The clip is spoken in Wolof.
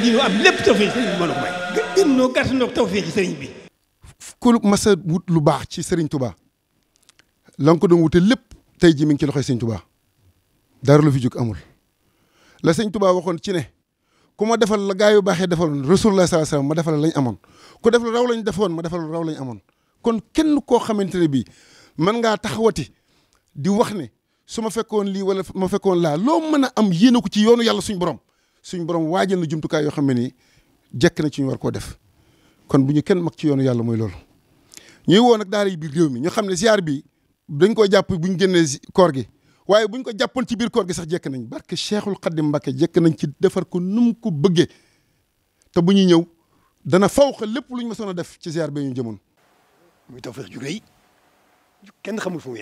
li ñu am lépp tawfeex sëriñ bi moo la ko may. gën wut lu baax ci sëriñ Touba la nga ko wute lépp tey jii mi ngi ci loxoy sëriñ Touba dara lu fi jóg amul la sëriñ Touba waxoon ci ne. ku ma defal la gaa yu baaxee defaloon rasulullah sallallahu alayhi wasallam ma defal lañ amoon ku def la raw lañ defoon ma defal raw lañ amoon kon kenn koo xamante ne bii mën ngaa taxawati di wax ne su ma fekkoon lii wala ma fekkoon laa loo mën a am yéene ko ci yoonu yàlla suñu borom suñ borom waajal na jumtukaay yoo xam ne ni jekk na ci ñu war koo def kon bu ñu kenn mag ci yoonu yàlla mooy loolu. ñuy woo nag daara yi biir réew mi ñu xam ne ziar bi dañ koo jàpp bu ñu génnee koor gi waaye bu ñu ko jàppoon ci biir koor gi sax jekk nañ barke Cheikhul Khadim Mbacké jekk nañ ci defar ko num ko bëggee te bu ñuy ñëw dana faw xa lépp lu ñu mësoon a def ci ziar bi ñu jëmoon. muy tawfeex ju rëy kenn xamul fu mu